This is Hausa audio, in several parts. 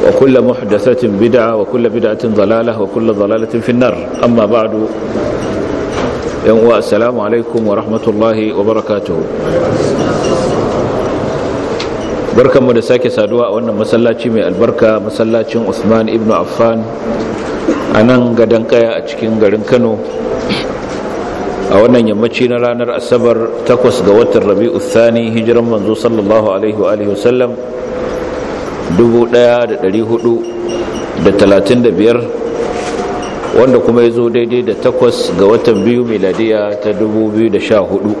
وكل محدثة بدعة وكل بدعة ضلالة وكل ضلالة في النار أما بعد السلام عليكم ورحمة الله وبركاته بركة مدساك سادواء وأن مسلاتي من البركة مسلاتي عثمان ابن عفان أنا قدن قيا أتشكين قدن كانوا a wannan yammaci na ranar asabar 8 ga watan rabi'u thani hijiran manzo sallallahu alaihi wa alihi wasallam biyar wanda kuma ya zo daidai da takwas ga watan biyu miladiya ta huɗu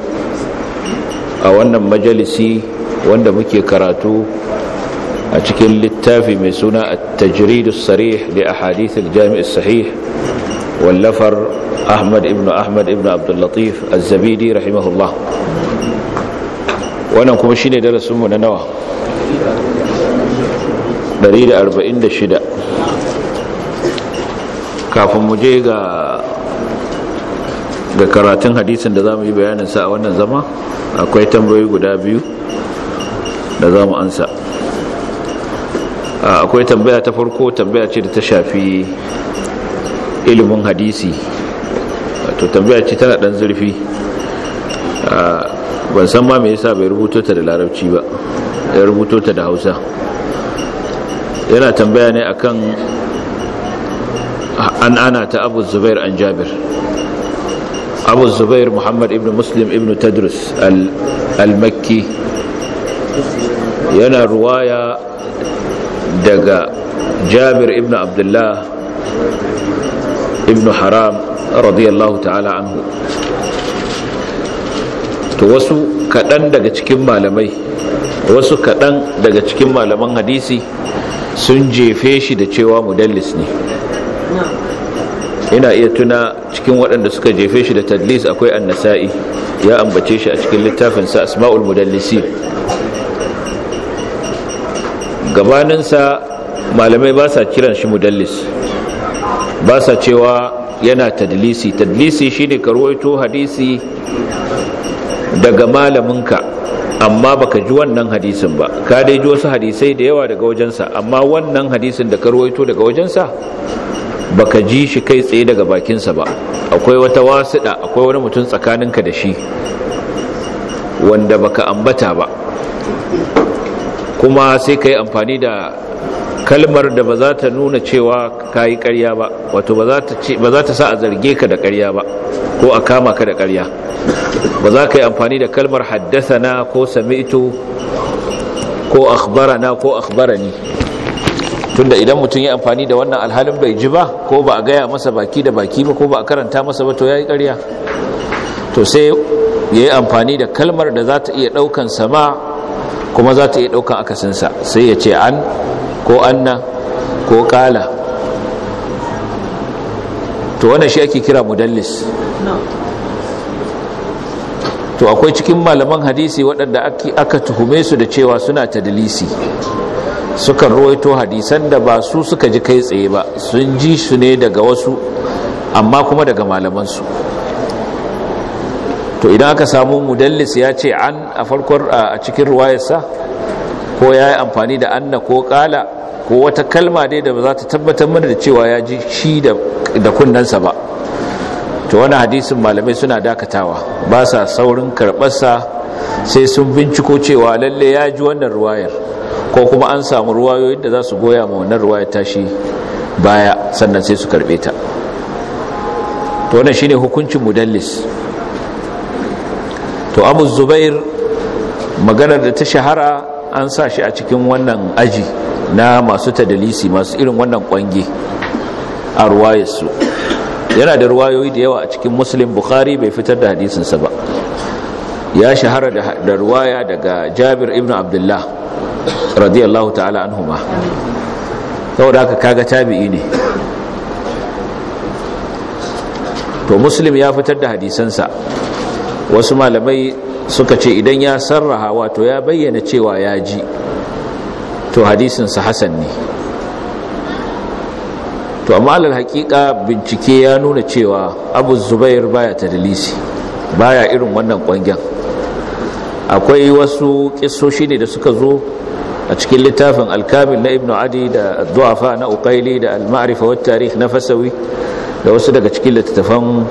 a wannan majalisi wanda muke karatu a cikin littafi mai suna a tajiridu sarih da a hadithul jami'ar sahih wallafar ahmad ibn ahmad ibn abdullatif az-zabidi rahimahullah wannan kuma shine darasinmu na nawa 146 kafin mu je ga ga karatun hadisin da za mu yi sa a wannan zama akwai tambayoyi guda biyu da za mu ansa akwai tambaya ta farko tambaya ce da ta shafi ilimin hadisi to tambaya ce tana dan zurfi ban san ma me yasa bai rubuto ta da larabci ba ya rubuto ta da hausa yana tambaya ne akan an ana ta abu zubair an jabir abu zubair muhammad ibn muslim ibn tadrus al-makki yana ruwaya daga jabir ibn abdullah ibn haram radiyallahu ta'ala anhu to wasu kaɗan daga cikin malamai wasu kaɗan daga cikin malaman hadisi sun jefe shi da cewa mudallis ne ina iya tuna cikin waɗanda suka jefe shi da tadlis akwai annasa'i ya ambace shi a cikin littafin sa asma'ul mudallisi gabaninsa malamai ba sa kiran shi mudallis ba sa cewa yana tadlisi tadlisi shine ne ruwaito hadisi daga malaminka amma baka ji wannan hadisin ba ka dai ji wasu hadisai da yawa daga wajensa amma wannan hadisin da ka ruwaito daga wajensa baka ji shi kai tsaye daga bakinsa ba akwai wata wasiɗa akwai wani mutum tsakanin ka da shi wanda baka ambata ba kuma sai ka amfani da kalmar da ba za ta nuna cewa ka yi ƙarya ba wato ba za ta sa a zarge ka da ƙarya ba ko a kama ka da ƙarya ba za ka yi amfani da kalmar haddasana ko sami'tu ko akhbarana ko akhbarani tunda idan mutum ya amfani da wannan alhalin bai ji ba ko ba a gaya masa baki da baki ba ko ba a karanta masa ba to ya yi ƙarya to sai ya yi amfani da kalmar da za ta iya ɗaukan sama kuma za ta iya ɗaukan akasinsa sai ya ce an ko anna ko Kala. to wannan shi ake kira mudallis to akwai cikin malaman hadisi waɗanda aka tuhume su da cewa suna tadlisi sukan ruwaito hadisan da ba su suka ji kai tsaye ba sun ji su ne daga wasu amma kuma daga malamansu to idan aka samu mudallis ya ce an a farkon a cikin ruwayarsa ko ya yi amfani da anna ko kala ko wata kalma dai da ba za ta tabbatar mana da cewa ya ji shi da kunnensa ba to wani hadisin malamai suna dakatawa ba sa saurin karɓarsa sai sun binciko cewa lalle ya ji wannan ruwayar ko kuma an samu ruwayoyin da za su goya ma wannan ruwayar tashi baya sannan sai su karɓe ta to wannan shine hukuncin mudallis to abu zubair maganar da ta shahara an sa shi a cikin wannan aji na masu tadalisi masu irin wannan kwange a ruwayarsu yana da ruwayoyi da yawa a cikin muslim bukhari bai fitar da hadisinsa ba ya shahara da ruwaya daga jabir ibn abdullah radiyallahu ta'ala anhuma saboda haka kaga tabi'i ne to muslim ya fitar da hadisansa wasu malamai suka ce idan ya sarraha wato ya bayyana cewa ya ji to hadisinsa hasan ne to amma alal hakika bincike ya nuna cewa abu zubair baya ta dalisi baya irin wannan kwangen akwai wasu kisoshi ne da suka zo a cikin littafin alkamil na ibnu adi da du'afa na uqaili da al wa na fasawi da wasu daga cikin littattafan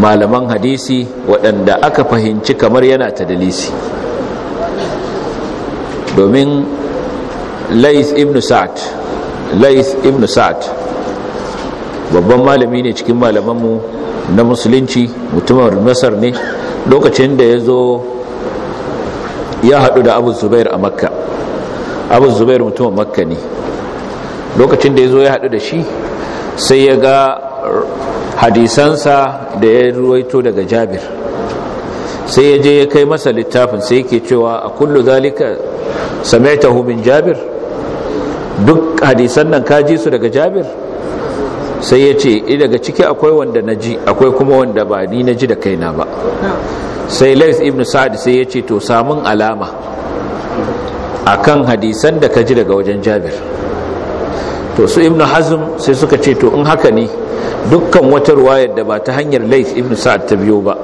malaman hadisi waɗanda aka fahimci kamar yana ta dalisi? domin lais ibnu sa'ad lais ibnu sa'ad babban malami ne cikin malamanmu na musulunci mutumin masar ne lokacin da ya zo ya haɗu da abu zubair a makka abu zubair mutumin makka ne lokacin da ya zo ya haɗu da shi sai ya ga hadisansa da ya ruwaito daga jabir sai ya je ya kai masa littafin sai yake cewa a kullu zalika sami'tahu min jabir duk hadisan nan ka ji su daga jabir sai ya ce eh, daga ciki akwai wanda na ji akwai kuma wanda ba ni na ji da kaina ba sai lais ibn sa'ad sai ya ce to samun alama kan hadisan da ka ji daga wajen jabir to su ibn hazm sai suka ce to in haka ne dukkan wata ruwayar da ba ta hanyar lais ibn sa'ad ta biyo ba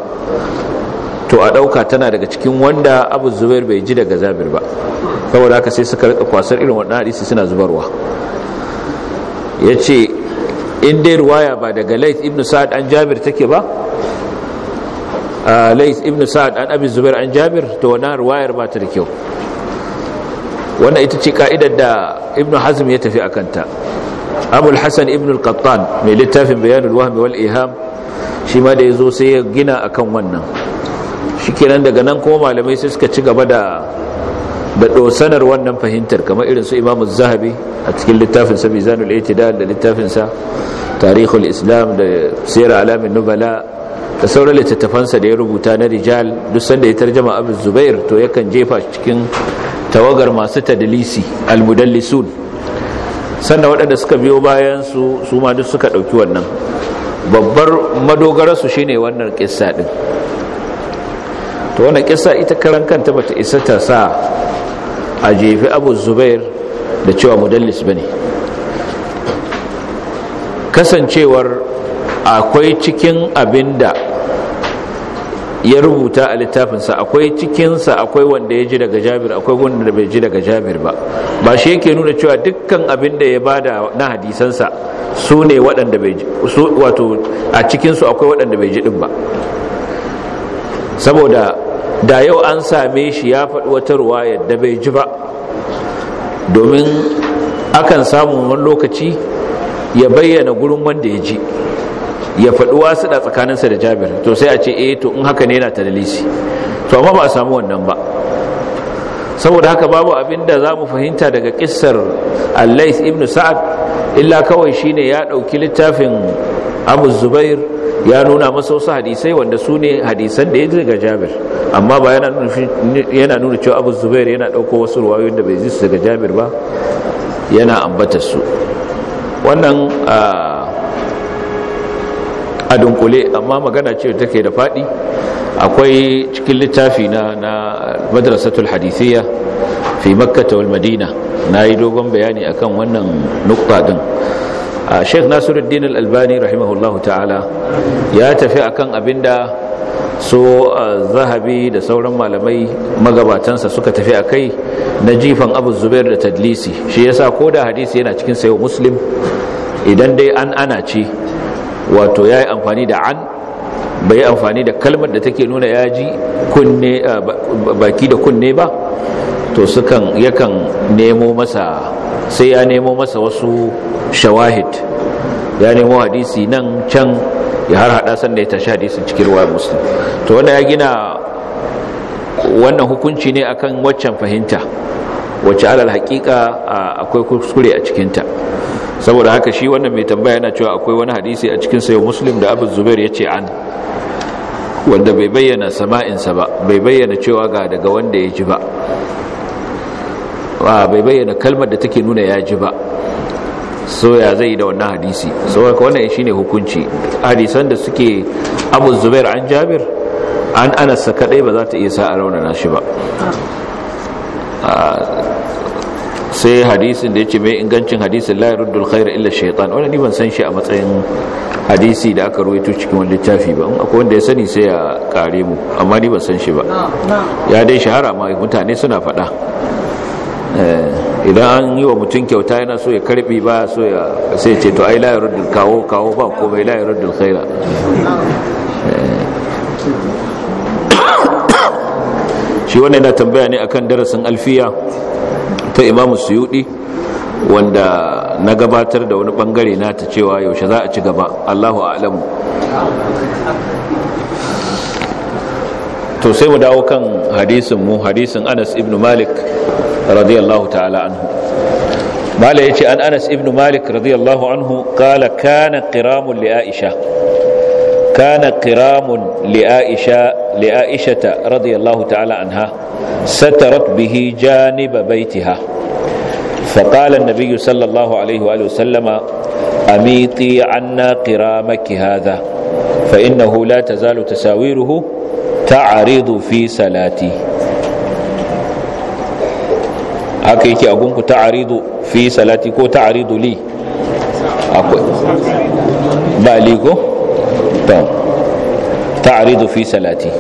to a ɗauka tana daga cikin wanda abu zubar bai ji daga jabir ba saboda haka sai suka rika kwasar irin waɗannan hadisi suna zubarwa ya ce in dai ruwaya ba daga Lais ibn Sa'ad an Jabir take ba Lais ibn Sa'ad an abin Zubair an Jabir to wannan ruwayar ba ta da kyau wannan ita ce ka'idar da Ibn Hazm ya tafi akanta kanta. Abul Hasan ibn al mai littafin Bayanul Wahm wal Iham shi ma da yazo sai ya gina akan wannan shikenan daga nan kuma malamai sai suka ci gaba da da dosanar wannan fahimtar kamar irin su imamu zahabi a cikin littafin sa mizanul itidal da littafin sa tarihul islam da sirar alamin nubala da sauran littattafansa da ya rubuta na rijal duk sanda ya tarjama abu zubair to yakan jefa cikin tawagar masu tadlisi almudallisun sanda waɗanda suka biyo bayan su su ma duk suka ɗauki wannan babbar madogararsu shine wannan kissa ɗin to wannan kissa ita karan kanta bata isa ta sa a jefi abu zubair da cewa mudallis bane kasancewar akwai cikin abinda ya rubuta a littafinsa akwai cikinsa akwai wanda ya ji daga jabir akwai wanda da bai ji daga jabir ba ba shi yake nuna cewa dukkan abin da ya bada na hadisansa su ne waɗanda bai ji wato a cikinsu akwai waɗanda bai ji ɗin ba saboda da yau an same shi ya faɗi wata ruwa yadda bai ji ba domin akan samu wani lokaci ya bayyana gurin wanda ya ji ya faɗi wasu da tsakaninsa da jabir to sai a ce eh to in haka ne yana tadalisi to amma ba a samu wannan ba saboda haka babu abin da za mu fahimta daga kissar allais ibn sa'ad illa kawai shine ya ɗauki littafin abu zubair ya nuna masa wasu hadisai wanda su ne hadisan da ya ji daga jabir amma ba yana nuna cewa abu zubair yana ɗauko wasu ruwayoyin da bai ji su daga jabir ba yana ambata su wannan a dunkule amma magana ce take da faɗi akwai cikin littafi na madrasatul hadisiyya fi makkata wal madina na yi dogon bayani akan wannan nukta sheikh nasiruddin al-albani rahimahullahu ta'ala ya tafi akan abinda so zahabi da sauran malamai magabatansa suka tafi a kai na jifan abu zubair da tadlisi shi yasa ko da hadisi yana cikin sayo muslim idan dai an ana ce wato ya yi amfani da an bai yi amfani da kalmar da take nuna ya ji baki da kunne ba to sukan yakan nemo masa sai ya nemo masa wasu shawahid ya nemo hadisi nan can ya har hada sanda ya tashi hadisin cikin ruwa muslim to wanda ya gina wannan hukunci ne akan waccan fahimta wacce alal hakika akwai kuskure a cikinta saboda haka shi wannan mai tambaya yana cewa akwai wani hadisi a cikin sayo muslim da abu zubair ya ce an wanda bai bayyana sama'insa ba bai bayyana cewa ga daga wanda ya ji ba bai bayyana kalmar da take nuna ya ji ba so ya zai da wannan hadisi so wannan shine hukunci hadisan da suke abu zubair an jabir an anasta kadai ba za ta iya sa a raunana shi ba sai hadisin da ya ce mai ingancin hadisin la yaruddul khair illa shaytan wannan ni ban san shi a matsayin hadisi da aka ruwaito cikin wani littafi ba akwai wanda ya sani sai ya kare mu amma ni ban san shi ba ya dai shahara ma mutane suna faɗa Eh, idan an yi wa mutum kyauta yana so ya karbi ba so ya sai ce to ai la yurdul kawo kawo ba ko bai la yurdul khaira eh. shi wannan yana tambaya ne akan darasin alfiya ta imamu suyudi wanda na gabatar da wani bangare na ta cewa yaushe za a ci gaba Allahu a'lamu to sai mu dawo kan hadisin mu hadisin Anas ibn Malik radiyallahu ta'ala anhu mala yace an Anas ibn Malik radiyallahu anhu qala kana qiramun li Aisha kana qiramun li Aisha li Aisha radiyallahu ta'ala anha satarat bihi janib baitiha فقال النبي صلى الله عليه وآله وسلم أميطي عنا قرامك هذا فإنه لا تزال تساويره تعرض في صلاتي haka yake a gunku ta'aridu fi salati ko ta'aridu li akwai ba li ko to ta'aridu fi salati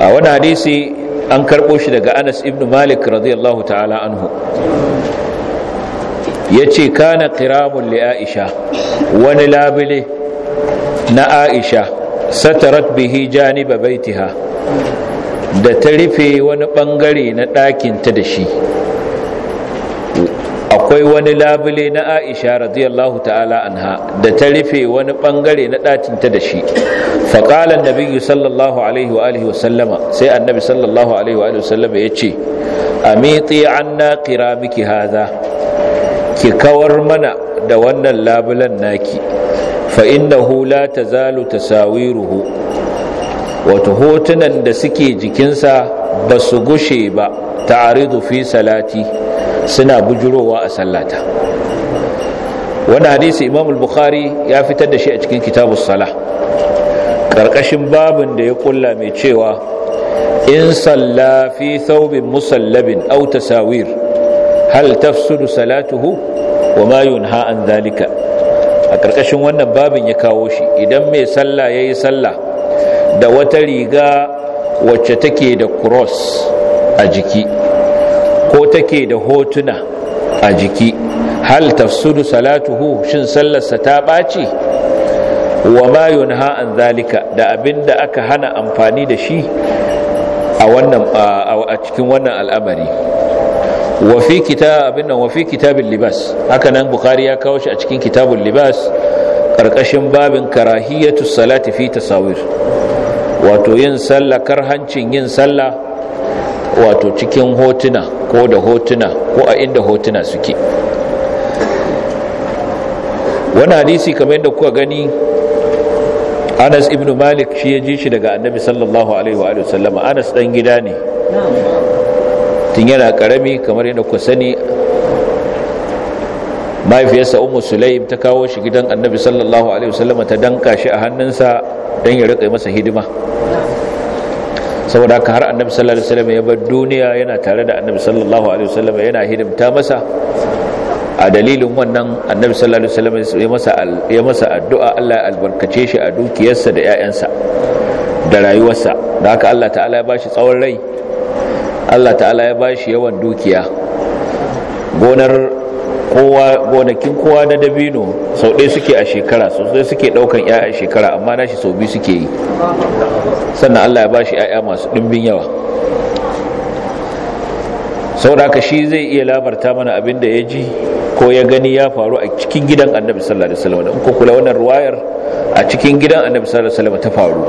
a wani hadisi an karɓo shi daga anas ibn malik radiyallahu ta'ala anhu ya ce kana kiramun li aisha wani labile na aisha satarat bihi janiba baitiha da ta rufe wani bangare na ɗakinta da shi akwai wani labule na aisha radiyallahu ta'ala anha da ta rufe wani bangare na ɗacinta da shi faƙalan nabi sallallahu alaihi wa alihi wasallama sai annabi sallallahu alaihi wa alihi wasallama ya ce amiti anna miki haza ki kawar mana da wannan labulan naki fa innahu la tazalu tasawiruhu wato hotunan da suke jikinsa ba su gushe ba ta'aridu fi salati suna bujurowa a sallata wani hadisi imam al-bukhari ya fitar da shi a cikin kitabus sala Ƙarƙashin babin da ya kulla mai cewa in salla fi thawbin musallabin aw tasawir hal tafsudu salatuhu wa ma yunha an a karkashin wannan babin ya kawo shi idan mai sallah yayi sallah da wata riga wacce take da cross a jiki ko take da hotuna a jiki hal tafsudu salatuhu shin sallarsa ta ɓaci wa ma yunha an zalika da abinda aka hana amfani da shi a wannan a cikin wannan al'amari wa fi kitab abin wa fi libas haka nan bukhari ya kawo shi a cikin kitabul libas karkashin babin karahiyatu salati fi tasawir wato yin sallah karhancin yin sallah wato cikin hotuna ko da hotuna ko a inda hotuna suke wani hadisi kamar yadda kuka gani anas ibn malik shi ya ji shi daga annabi sallallahu alaihi wa sallama anas dan gida ne tun yana karami kamar yadda kuka sani mahaifiyarsa umu sulaim ta kawo shi gidan annabi sallallahu alaihi sallama ta danka shi a hannunsa don ya rika masa hidima saboda haka har annabi sallallahu alaihi wasallam ya bar duniya yana tare da annabi sallallahu alaihi wasallam yana hidimta masa a dalilin wannan annabi sallallahu alaihi wasallam ya masa ya masa addu'a Allah ya albarkace shi a dukiyarsa da ƴaƴansa da rayuwarsa da haka Allah ta'ala ya bashi tsawon rai Allah ta'ala ya bashi yawan dukiya gonar kowa gonakin kowa na dabino sau ɗaya suke a shekara sau ɗaya suke ɗaukan ‘ya'ya shekara amma nashi sau biyu suke yi sannan Allah ya bashi ‘ya'ya masu ɗimbin yawa Sau ɗaka shi zai iya labarta mana abin da ya ji ko ya gani ya faru a cikin gidan annabi sallallahu alaihi wasallam in ku kula wannan ruwayar a cikin gidan annabi sallallahu alaihi wasallam ta faru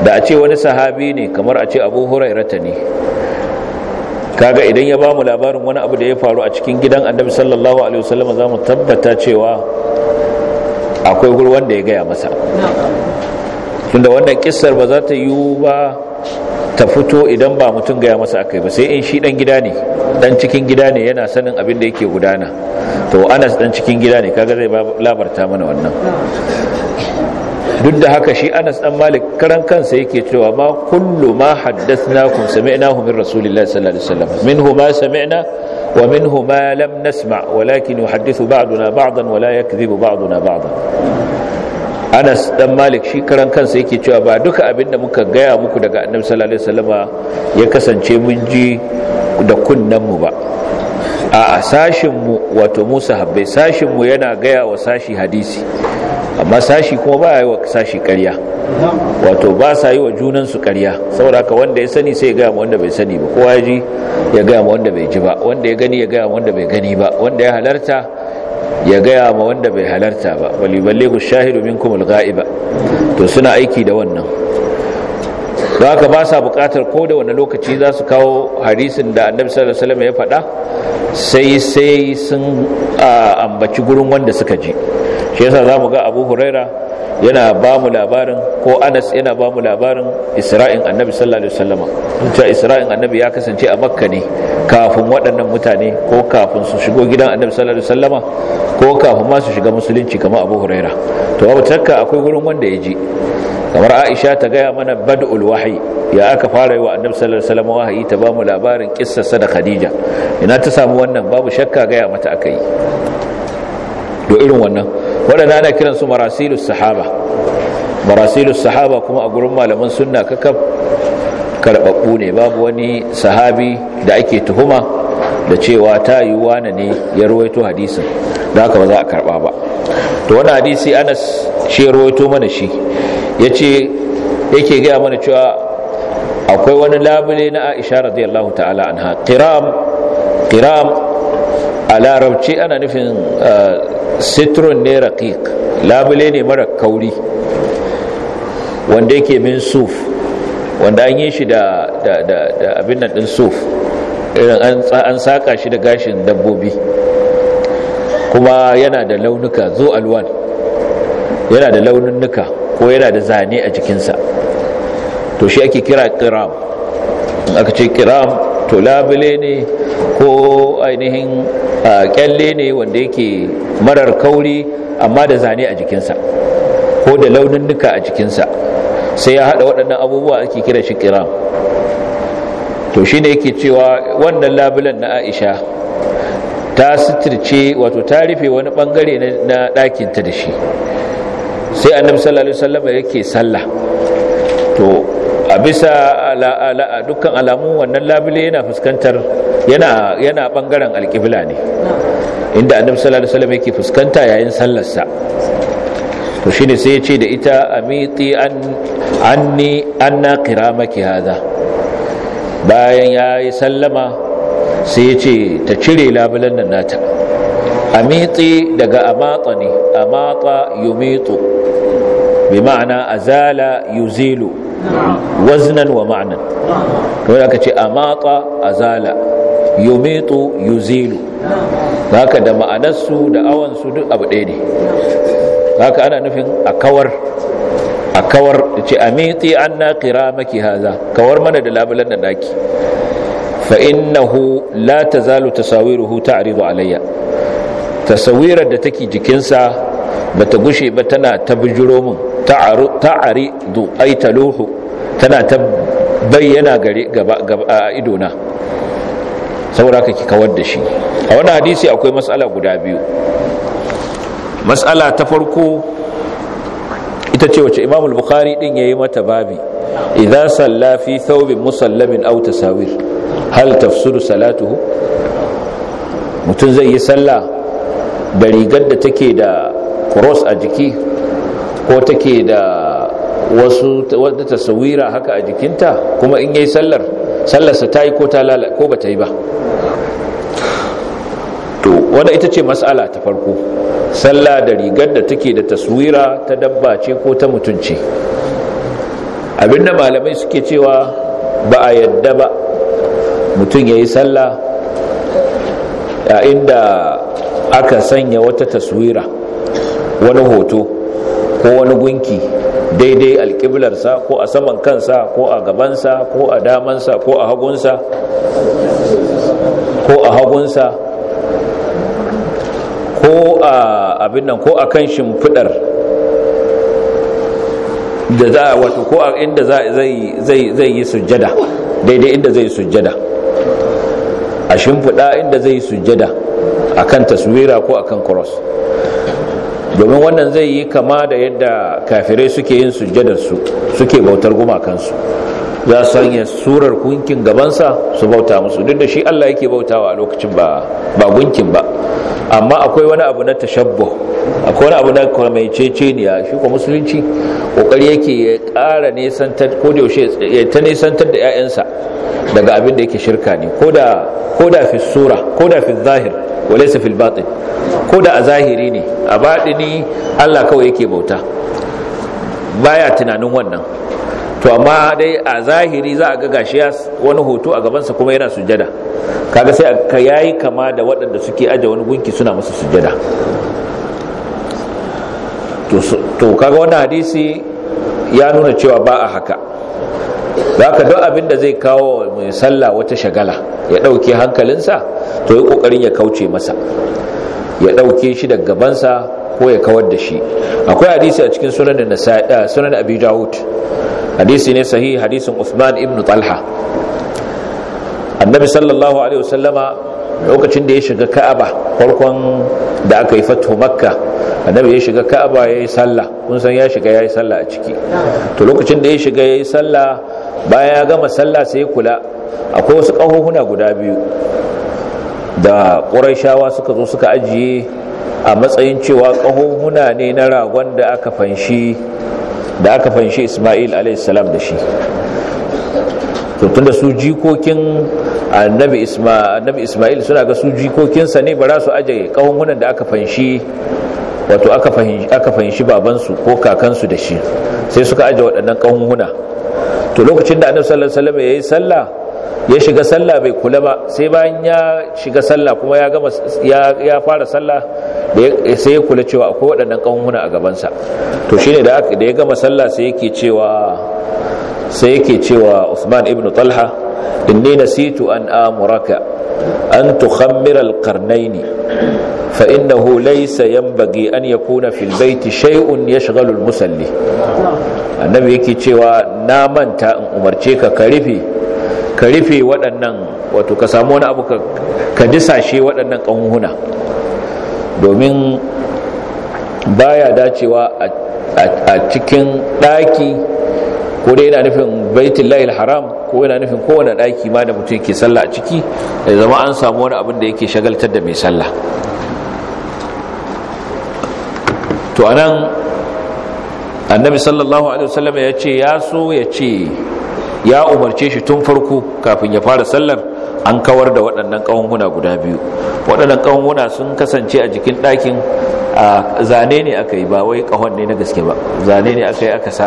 da a ce wani sahabi ne kamar a ce abu hurairata ne kaga idan ya ba mu labarin wani abu da ya faru a cikin gidan annabi sallallahu alaihi wasallam za mu tabbata cewa akwai gurin wanda ya gaya masa tunda wannan kissar ba za ta yi ba ta fito idan ba mutum gaya masa akai ba sai in shi dan gida ne dan cikin gida ne yana sanin abin da yake gudana to anas dan cikin gida ne kaga zai labarta mana wannan duk da haka shi anas dan malik karan kansa yake cewa ma kullu ma haddathnakum sami'nahu min rasulillahi sallallahu alaihi wasallam minhu ma sami'na wa minhu ma lam nasma walakin yuhaddithu ba'duna ba'dan wa la yakdhibu ba'duna ba'dan anas dan malik shi karan kansa yake cewa ba duka abinda muka gaya muku daga annabi sallallahu alaihi wasallama ya kasance mun ji da kunnan mu ba a sashin mu wato musa habbai sashin mu yana gaya wa sashi hadisi amma sashi kuma ba yi wa sashi ƙarya wato ba sa yi wa junansu ƙarya saboda ka wanda ya sani sai ya gaya ma wanda bai sani ba kowa ya ji ya gaya ma wanda bai ji ba wanda ya gani ya gaya ma wanda bai gani ba wanda ya halarta ya gaya ma wanda bai halarta ba wali ku shahidu minkum alghaiba to suna aiki da wannan don haka ba sa bukatar ko da wani lokaci za su kawo hadisin da annabi sallallahu alaihi wasallam ya faɗa sai sai sun ambaci gurin wanda suka ji shi yasa mu ga Abu Huraira yana ba mu labarin ko Anas yana ba mu labarin Isra'in Annabi sallallahu alaihi wasallama cewa Isra'in Annabi ya kasance a Makka ne kafin waɗannan mutane ko kafin su shigo gidan Annabi sallallahu alaihi wasallama ko kafin ma su shiga musulunci kamar Abu Huraira to babu takka akwai gurin wanda ya ji kamar Aisha ta gaya mana bad'ul wahyi ya aka fara yi wa annabi sallallahu alaihi wasallam wahayi ta ba mu labarin kissarsa da Khadija ina ta samu wannan babu shakka gaya mata akai Do irin wannan waɗanda ana kiransu marasilus sahaba marasilus sahaba kuma a gurin malaman sunna kakaf karɓaɓɓu ne babu wani sahabi da ake tuhuma da cewa ta yi wane ne ya ruwaito hadisin da haka ba za a karɓa ba to wani hadisi anas shi ya ruwaito mana shi ya ce yake gaya mana cewa akwai wani labule na aisha radiyallahu ta'ala anha qiram qiram a larabci ana nufin eh, Citron ne raqiq labule ne mara kauri wanda yake min suf wanda an yi shi da abin nan din suf irin an an saka shi da gashin dabbobi kuma yana da launuka zo alwan yana da launuka ko yana da zane a jikinsa to shi ake kira kiram aka ce kiram to labule ne ko ainihin kyalle ne wanda yake marar kauri amma da zane a jikinsa ko da launin nuka a jikinsa sai ya haɗa waɗannan abubuwa ake kira shi kira to shi ne yake cewa wannan labulan na aisha ta suturce wato ta rufe wani ɓangare na ɗakinta da shi sai annabi sallallahu alaihi wasallam yake sallah to bisa dukkan alamu wannan labule yana fuskantar yana bangaren alƙibla ne inda annabi sallallahu alaihi wasallam yake fuskanta yayin sallarsa to shine sai ya ce da ita amiti an anni anna kiramaki hadha bayan yayi sallama sai ya ce ta cire labulan nan nata amiti daga amata ne amata yumitu bi ma'ana azala yuzilu waznan wa ma'anan wanda aka ce amata azala yumitu yuzilu haka da ma'anarsu da awansu duk abu ɗaya ne haka ana nufin a kawar a kawar ce amiti an na kira maki haza kawar mana da labulan da naki fa innahu la tazalu tasawiruhu ta'ridu alayya tasawirar da take jikinsa bata gushe ba tana ta bijiro ta ari du luhu tana ta bayyana gare gaba a idona saboda ka ki kawar da shi a wani hadisi akwai matsala guda biyu matsala ta farko ita ce wace imamul bukhari din yayi mata babi idza salla fi thawbin musallamin aw tasawir hal tafsudu salatuhu mutun zai yi sallah da rigar da take da cross a jiki ko take da wasu wadda tasawira haka a jikinta kuma in yayi sallar sallarsa ta yi ko ta lalata ko bata yi ba to wadda ita ce matsala ta farko salla da rigar da take da taswira ta dabba ce ko ta mutunci abinda malamai suke cewa ba a yadda ba mutum ya yi sallah inda aka sanya wata taswira wani hoto ko wani gunki daidai alƙiblarsa ko a saman kansa ko a gabansa ko a damansa ko a hagunsa ko a hagunsa ko a abin nan ko a kan shimfidar da za a wato ko a inda zai yi sujjada daidai inda zai yi sujjada a shimfida inda zai yi sujjada a kan taswira ko a kan cross domin wannan zai yi kama da yadda kafirai suke yin su suke bautar gumakansu za su sanya surar gunkin gabansa su bauta musu duk da shi Allah yake bautawa a lokacin ba gunkin ba amma akwai wani abu na tashabbuh akwai wani abu na kamaiceceniya, ne shi ko musulunci kokari yake ya ƙara nesantar ko da yaushe ya ta nesantar da 'ya'yansa daga abin da yake shirka ne ko da ko da fi sura ko da fi zahir walaysa fil batin ko da a zahiri ne a batini Allah kawai yake bauta baya tunanin wannan to amma dai a zahiri za a ga gashi wani hoto a gabansa kuma yana sujada kaga sai ka yayi kama da waɗanda suke aje wani gunki suna masa sujada to kaga wannan hadisi ya nuna cewa ba a haka haka duk abin da zai kawo mai sallah wata shagala ya ɗauke hankalinsa to yi ƙoƙarin ya kauce masa ya ɗauke shi daga gabansa ko ya kawar da shi akwai hadisi a cikin sunan eh, sunan abu dawud hadisi ne sahi, hadisin usman ibn talha annabi sallallahu alaihi wasallama lokacin da ya shiga ka'aba farkon da aka yi fatu makka annabi ya shiga ka'aba ya yi sallah kun san ya shiga ya yi sallah a ciki to lokacin da ya shiga ya yi sallah bayan ya gama sallah sai kula akwai wasu ƙahohuna guda biyu da ƙuraishawa suka zo suka ajiye a matsayin cewa ƙahohuna ne na ragon da aka fanshi da aka fanshi ismail alaihissalam da shi da su jikokin annabi ismail suna ga su jikokinsa ne ba za su ajiye ƙahohunan da aka fanshi wato aka fanshi babansu ko kakansu da shi sai suka ajiye waɗannan ƙahohuna to lokacin da annabi sallallahu alaihi wasallam yayi sallah ya shiga sallah bai kula ba sai bayan ya shiga sallah kuma ya gama ya fara sallah sai ya kula cewa akwai waɗannan kanhuna a gabansa to shine da da ya gama sallah sai yake cewa sai yake cewa Uthman ibn Talha inni nasitu an amuraka an tukhammira al-qarnayn fa innahu laysa yanbaghi an yakuna fil bayti shay'un yashghalu al-musalli annabi yake cewa na manta in umarce ka ka rufe ka rufe waɗannan wato ka samu wani abu ka disashe waɗannan ƙanhuna domin baya dacewa a cikin ɗaki ko dai yana nufin baitin layil haram ko yana nufin kowane ɗaki ma da mutum ke sallah a ciki da zama an samu wani abin da yake shagaltar da mai sallah to anan annabi sallallahu alaihi wasallam ya ce ya so ya ce ya umarce shi tun farko kafin ya fara sallar an kawar da waɗannan ƙawanguna guda biyu waɗannan ƙawanguna sun kasance a jikin ɗakin zane ne aka yi ba wai ƙahon ne na gaske ba zane ne aka yi aka sa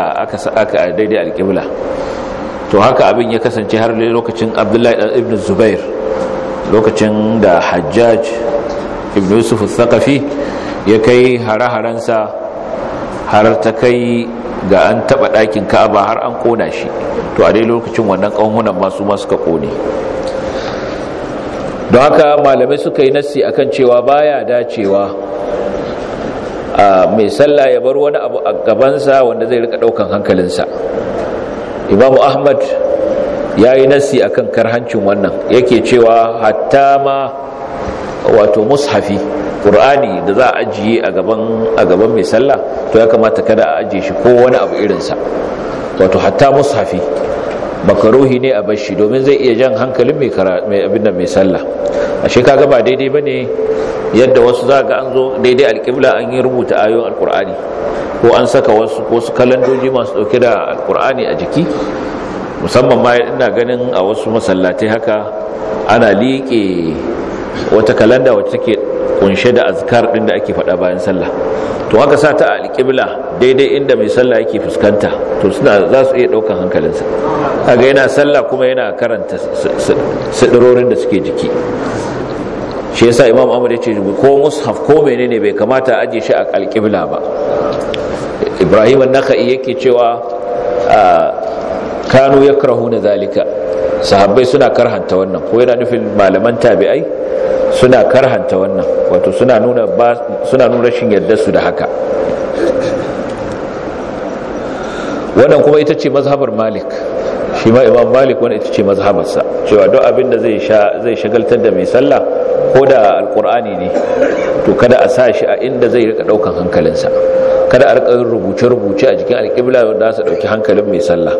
aka daidai alƙibla to haka abin ya kasance har lokacin abdullahi ɗan ibn zubair lokacin da hajjaj ibn yusuf al ya kai hare-harensa har ta kai ga an taɓa ɗakin ka'aba har an kona shi to a dai lokacin wannan ƙanhunan masu ma suka ƙone don haka malamai suka yi nassi akan cewa baya dacewa mai sallah ya bar wani abu a gabansa wanda zai rika ɗaukan hankalinsa imamu ahmad ya yi nassi akan karhancin wannan yake cewa hatta ma wato mushafi Qur'ani da za a ajiye a gaban mai sallah to ya kamata kada a ajiye shi ko wani abu irinsa wato hatta mushafi makaruhi ne a bashi domin zai iya jan hankalin mai abin da mai sallah a kaga ba daidai ba ne yadda wasu za ga an zo daidai alƙibla an yi rubuta ayoyin alƙur'ani ko an saka wasu ko kalandoji masu ɗauke da alƙur'ani a jiki musamman ma ina ganin a wasu masallatai haka ana liƙe wata kalanda wacce take kunshe da azkar din da ake faɗa bayan sallah to haka sa ta alqibla daidai inda mai sallah yake fuskanta to suna za su iya ɗaukan hankalinsa kaga yana sallah kuma yana karanta sidirorin da suke jiki shi yasa imam ahmad yace ko mushaf ko menene bai kamata a aje shi a alqibla ba ibrahim an-nakhai yake cewa ah, kanu yakrahuna zalika sahabbai suna karhanta wannan ko yana nufin malaman tabi'ai suna karhanta wannan wato suna nuna rashin yarda su da haka wannan kuma ita ce mazhabar malik shi ma imam malik wani ita ce mazhabarsa cewa duk abin da zai shagaltar da mai sallah ko da alkur'ani ne to kada a sa shi a inda zai rika daukan hankalinsa kada a rika rubuce-rubuce a jikin alƙibla wanda za su dauki hankalin mai sallah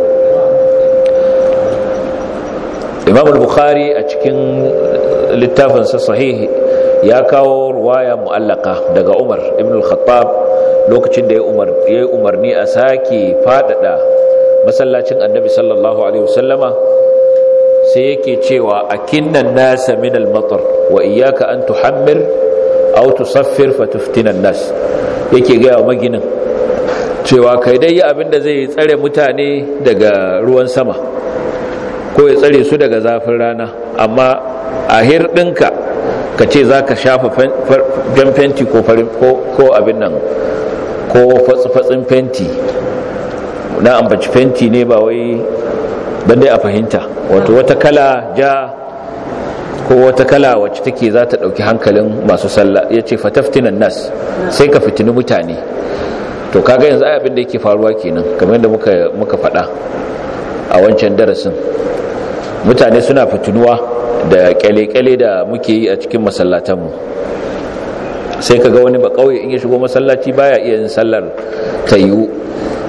imam al-bukhari a cikin eh, littafinsa sahihi ya kawo ruwaya mu'allaka daga umar ibn al-khattab lokacin da ya yi umarni a sake fadada masallacin annabi sallallahu alaihi wasallama sai yake cewa akinnan nasa min al-matar wa iyyaka an tuhammir aw tusaffir fatuftina an-nas yake ga maginin cewa kai dai abinda zai tsare mutane daga ruwan sama ko ya tsare su daga zafin rana amma a hirɗinka ka ce za ka shafa jan fenti ko abin nan ko fenti na ambaci fenti ne ba wai dai a fahimta wato wata kala ja ko wata kala wacce take za ta ɗauki hankalin masu sallah ya ce fataftinan nas sai ka fitini mutane to kaga yanzu abin da yake faruwa kenan kamar yadda muka faɗa a wancan darasin mutane suna fitinuwa da kyale-kyale da muke yi a cikin masallatanmu sai ka ga wani ba kauye in ya shigo masallaci baya iya yin sallar ta yiwu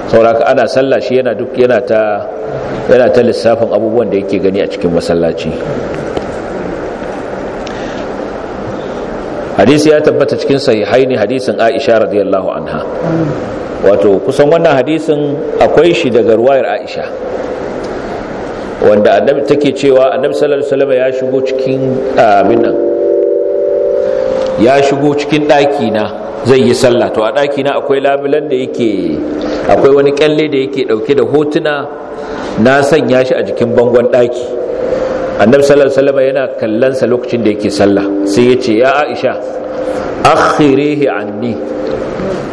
sauraka ana sallah shi yana duk yana ta lissafin abubuwan da yake gani a cikin masallaci hadisi ya tabbata cikin haini hadisin Aisha radiyallahu anha wato kusan wannan hadisin akwai shi daga ruwayar Aisha wanda annabi take cewa annabi sallallahu alaihi wasallam ya shigo cikin abin ya shigo cikin daki na zai yi sallah to a daki na akwai labulan da yake akwai wani kyalle da yake dauke da hotuna na sanya shi a jikin bangon daki annabi sallallahu alaihi wasallam yana kallon sa lokacin da yake sallah sai ya ce ya Aisha akhirihi anni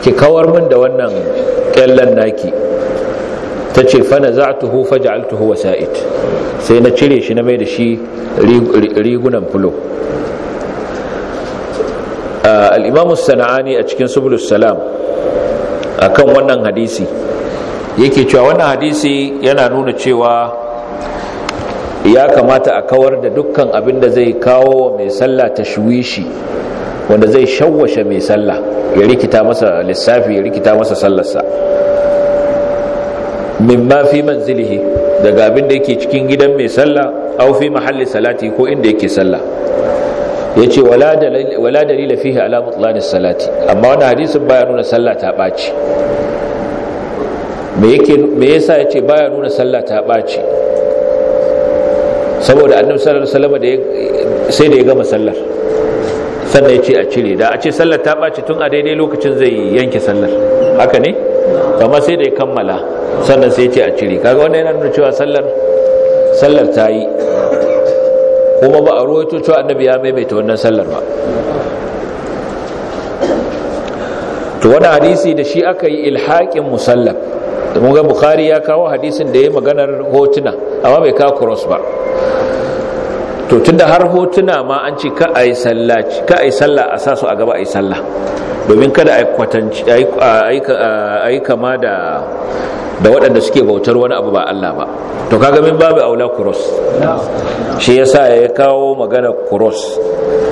ki kawar min da wannan kyallen naki ta ce fana za tuhu faja'altuhu wasa'id sai na cire shi na mai da shi rigunan fulo al'imamu sana'ani a cikin subulus salam a kan wannan hadisi yake cewa wannan hadisi yana nuna cewa ya kamata a kawar da dukkan abin da zai kawo mai sallah ta shuwishi, wanda zai shawwashe mai sallah ya rikita masa lissafi ya rikita masa sallarsa ma fi manzilihi daga abin da yake cikin gidan mai sallah aw fi mahalli salati ko inda yake sallah yace wala dalil wala dalila fihi ala mutlanis salati amma wannan hadisin baya nuna sallah ta baci me yake me yasa yace baya nuna sallah ta baci saboda annabi sallallahu alaihi wasallam da sai da ya gama sallar sannan yace a cire da a ce sallar ta baci tun a daidai lokacin zai yanke sallar haka ne kama sai da ya kammala sannan sai ce a cire kaga wannan yana nuna cewa sallar sallar ta yi kuma ba a ruwaito cewa annabi ya maimaita wannan sallar ba to wani hadisi da shi aka yi ilhaƙin da mun ga bukhari ya kawo hadisin da ya yi maganar hotuna amma bai kawo cross ba to tunda har hotuna ma an ce ka a yi sallah a sa su a gaba a yi sallah domin kada a yi kama da waɗanda suke bautar wani abu ba Allah ba to kaga min babu aula kuros shi yasa ya kawo magana kuros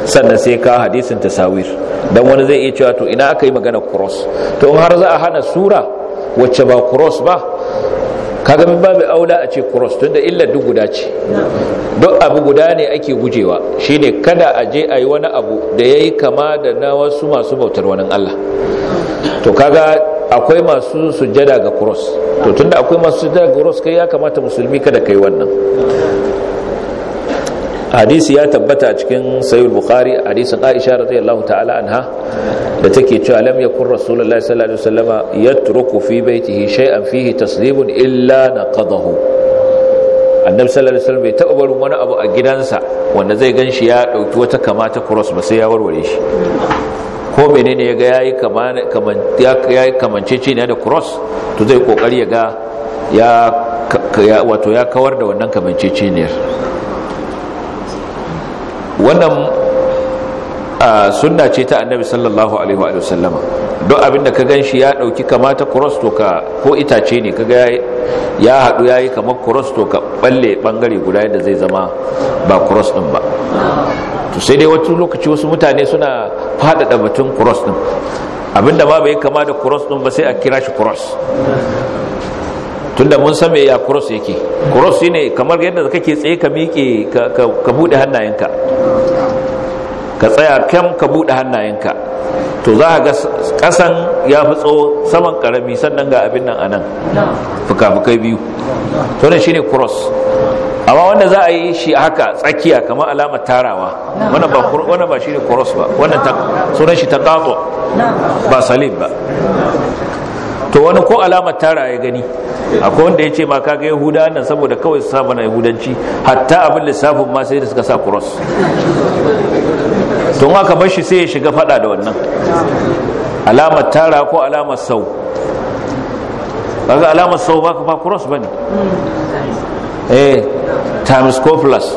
sannan sai ka hadisin tasawir dan wani zai iya cewa to ina aka yi magana kuros to har za a hana sura wacce ba kuros ba kaga min babu aula a ce cross tunda illa duk guda ce duk abu guda ne ake gujewa shine kada a je a yi wani abu da yayi kama da na wasu masu bautar wani Allah to kaga akwai masu sujjada ga cross to tunda akwai masu sujjada ga cross kai ya kamata musulmi kada kai wannan hadisi ya tabbata cikin sayyid bukhari hadisin aisha radiyallahu ta'ala anha da take cewa lam yakun rasulullahi sallallahu alaihi wasallama yatruku fi baitihi shay'an fihi taslimun illa naqadahu annabi sallallahu alaihi wasallam bai taba barin wani abu a gidansa wanda zai ganshi ya dauki wata kamata cross ba sai ya warware shi ko menene ya ga yayi kaman yayi kamancece ne da cross to zai kokari ya ga ya wato ya kawar da wannan ne wannan sunna ce ta annabi sallallahu alaihi wa sallama don abinda ka gan shi ya dauki kamata cross to ka ko itace ne kaga ya hadu yayi kamar cross to ka balle bangare guda yadda zai zama ba cross din ba to sai dai wata lokaci wasu mutane suna fadada batun cross din da ma bai kama da cross din ba sai a kira shi cross tunda mun san me ya cross yake cross shine kamar yadda kake tsaye ka miƙe ka bude hannayenka ka tsaya kam ka bude hannayenka to za ga kasan ya fi tso saman karami sannan ga abin nan anan fuka fuka biyu to ne shine cross amma wanda za a yi shi haka tsakiya kamar alamar tarawa wannan ba wannan ba shine cross ba wannan sunan shi taqatu ba salim ba to wani ko alamar tara ya gani akwai wanda ya ce ma kaga yahuda nan saboda kawai su sa mana yahudanci hatta abin lissafin ma sai da suka sa cross tun aka bar shi sai ya shiga fada da wannan alamar tara ko alamar sau kaga alamar sau ba ka ba cross ne eh times ko plus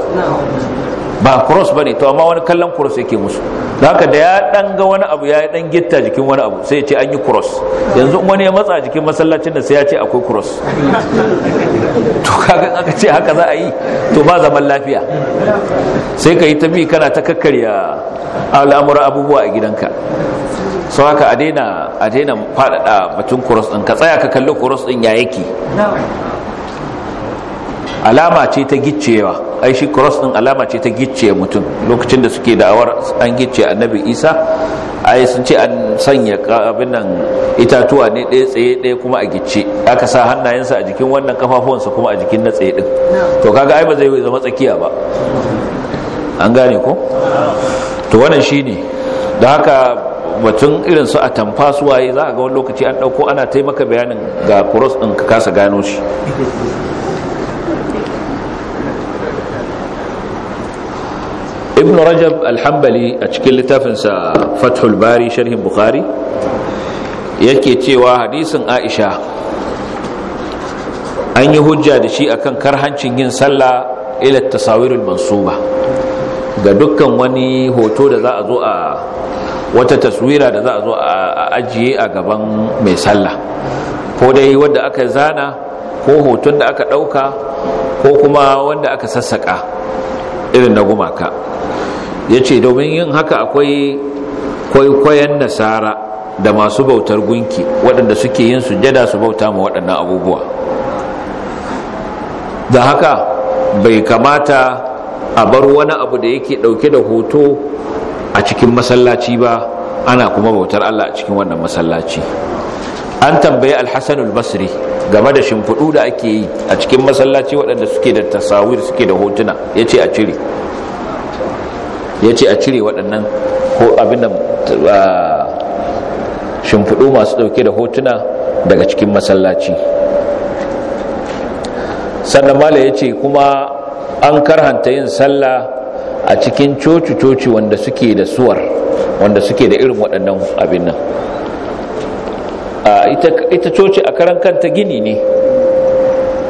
ba cross bane to amma wani kallon cross yake musu haka da ya dan ga wani abu ya dan gitta jikin wani abu sai ya ce an yi cross yanzu in wani ya matsa jikin masallacin da sai ya ce akwai cross to kaga aka ce haka za a yi to ba zaman lafiya sai ka yi ta bi kana ta kakkarya al'amura abubuwa a gidanka sau haka a daina faɗaɗa batun cross ɗin ka tsaya ka kalli kuros ɗin ya yake alama ce ta gicciyewa ai shi cross din alama ce ta gicciye mutum lokacin da suke da'awar an gicciye annabi isa ai sun ce an sanya abin nan itatuwa ne ɗaya tsaye ɗaya kuma a gicce aka sa hannayensa a jikin wannan kafafuwansa kuma a jikin na tsaye ɗin to kaga ai ba zai zama tsakiya ba an gane ko to wannan shine da haka batun irin su a tamfa su waye za a ga wani lokaci an ɗauko ana taimaka bayanin ga cross din ka kasa gano shi ibn rajab alhambali a cikin littafinsa fathul bari sharhin bukhari yake cewa hadisin aisha an yi hujja da shi akan karhancin yin sallah ila tasawirul mansuba ga dukkan wani hoto da za a zo a wata taswira da za a zo a ajiye a gaban mai sallah ko dai wanda aka zana ko hoton da aka ɗauka ko kuma wanda aka sassaƙa irin na gumaka ya ce domin yin haka akwai kwaikwayon nasara da masu bautar gunki waɗanda suke yin sujada su bauta ma waɗannan abubuwa da haka bai kamata a bar wani abu da yake ɗauke da hoto a cikin masallaci ba ana kuma bautar Allah a cikin wannan masallaci an tambayi alhassanul basri game da shimfiɗu da ake yi a cikin masallaci waɗanda suke da tasawir suke da hotuna ya ce a cire ya ce a cire waɗannan ko abinda shimfiɗu masu ɗauke da hotuna daga cikin masallaci sannan mala ya ce kuma an karhanta yin sallah a cikin coci-coci wanda suke da suwar wanda suke da irin waɗannan abin nan ita coci a karan kanta gini ne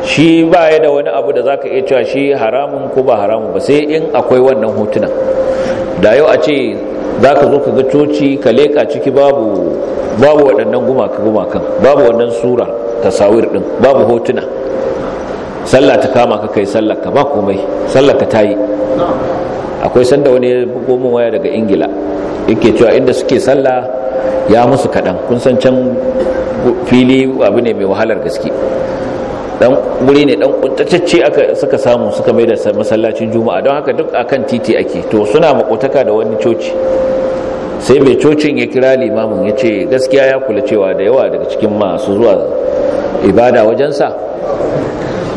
shi ba ya da wani abu da zaka iya cewa shi haramun ko ba haramun ba sai in akwai wannan hotunan da yau a ce zaka zo ka ga coci ka leka ciki babu babu waɗannan gumakan babu wannan sura tasawir din babu hotuna sallah ta kama ka kai sallar ka ba komai sallar ka tayi akwai sanda wani ya bugo min waya daga ingila yake cewa inda suke sallah ya musu kaɗan kun san can fili abu ne mai wahalar gaske dan wuri ne dan kuntatacce aka suka samu suka mai da masallacin juma'a don haka duk akan titi ake to suna makotaka da wani coci sai mai cocin ya kira limamin ya ce gaskiya ya kula cewa da yawa daga cikin masu zuwa ibada wajen sa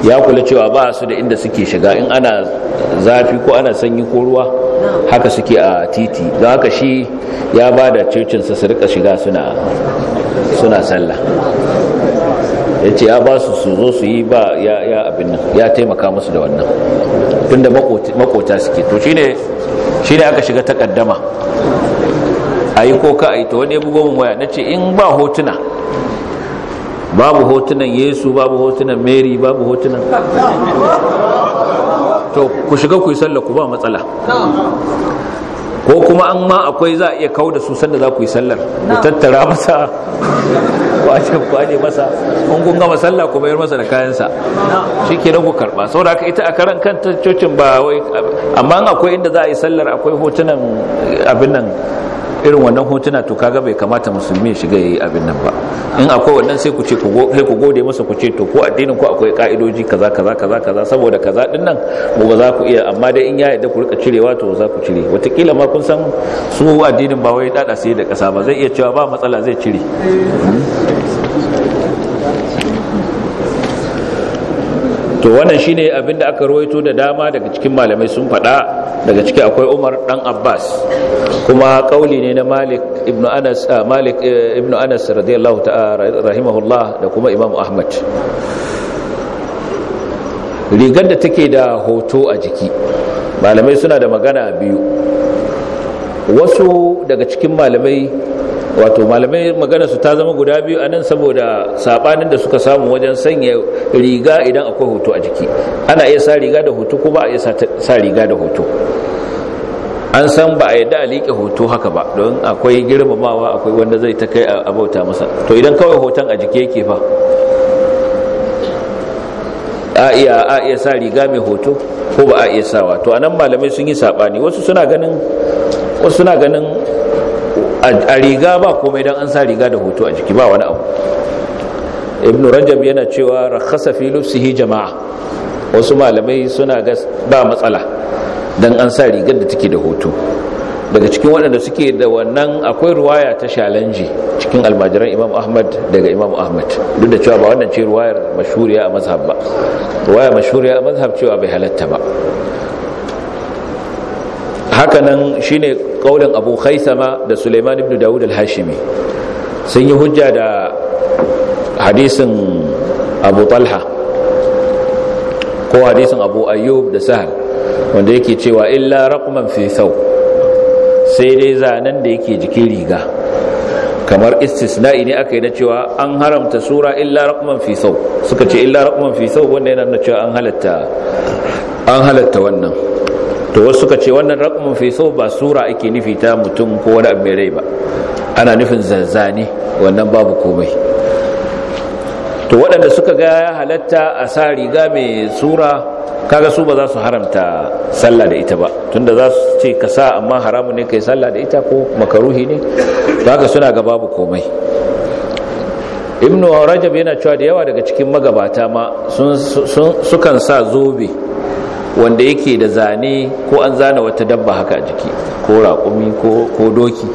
ya kula cewa ba su da inda suke shiga in ana zafi ko ana sanyi ko ruwa haka suke a titi don haka shi ya ba da cocinsa su rika shiga suna sallah ya ce ya ba su su zo su yi ba ya abin nan ya taimaka musu da wannan tunda makota suke to shine ne aka shiga takaddama a yi ko ka a yi ta wani bugo waya na ce in ba hotuna babu hotunan yesu babu hotunan mary babu hotunan to ku shiga ku yi sallah ku ba matsala ko kuma an ma akwai za a iya kawo da su sanda za ku yi sallar ku tattara masa kwace kwace masa kun gunga gama ku bayar masa da kayansa shi ke ku karba saboda haka ita a karan kanta cocin ba wai amma akwai inda za a yi sallar akwai hotunan abin nan irin wannan hotuna to kaga bai kamata musulmi ya shiga yayi abin nan ba in akwai wannan sai ku ce ku gode masa ku ce to ko addinin ku akwai ka'idoji kaza kaza kaza kaza saboda kaza din nan mu ba za ku iya amma dai in ya yadda ku rika cirewa to za ku cire watakila ma kun san su addinin ba wai dada sai da kasa ba zai iya cewa ba matsala zai cire to wannan shine abin da aka rawaito da dama daga cikin malamai sun faɗa daga ciki akwai Umar dan Abbas kuma kauli ne na Malik ibn Anas ah, Malik eh, ibn Anas radiyallahu ta'ala ah, rahimahullah da kuma Imam Ahmad rigar da take da hoto a jiki malamai suna da magana biyu wasu daga cikin malamai wato malamai magana su ta zama guda biyu anan saboda sabanin da suka samu wajen sanya riga idan akwai hoto a jiki ana iya sa riga da hoto ko ba a iya sa riga da hoto an san ba a yadda a liƙe hoto haka ba don akwai girmamawa akwai wanda zai ta kai a bauta masa to idan kawai hoton a jiki yake fa a iya a iya sa riga mai hoto ko ba a iya sawa to anan malamai sun yi sabani wasu suna ganin a riga ba komai don an sa riga da hoto a jiki ba wani abu ibn rajab yana cewa rakhasa fi lubsihi jama'a wasu malamai suna ga ba matsala dan an sa rigar da take da hoto daga cikin waɗanda suke da wannan akwai ruwaya ta shalanji cikin almajiran imam ahmad daga imam ahmad duk da cewa ba wannan ce ruwayar mashuriya a mazhab ba ruwaya mashuriya a mazhab cewa bai halatta ba hakanan shine ƙaunin abu khaisama da suleiman ibn dawud al-hashimi sun yi hujja da hadisin abu talha ko hadisin abu ayyub da sahal wanda yake cewa illa raqman fi sai dai zanen da yake jikin riga kamar istisna'i ne aka yi na cewa an haramta sura illa raqman fi suka ce illa raqman fi wanda yana nuna cewa an halatta wannan to wasu suka ce wannan raqmun fi ba sura ake nufi ta mutum ko wani abu mai rai ba ana nufin zanzani wannan babu komai to waɗanda suka ga ya halatta a sa riga mai sura kaga su ba za su haramta sallah da ita ba tunda za su ce ka sa amma haramun ne kai sallah da ita ko makaruhi ne zaka suna ga babu komai ibnu rajab yana cewa da yawa daga cikin magabata ma sukan sa zobe wanda yake da zane ko an zana wata dabba haka a jiki ko raƙumi ko doki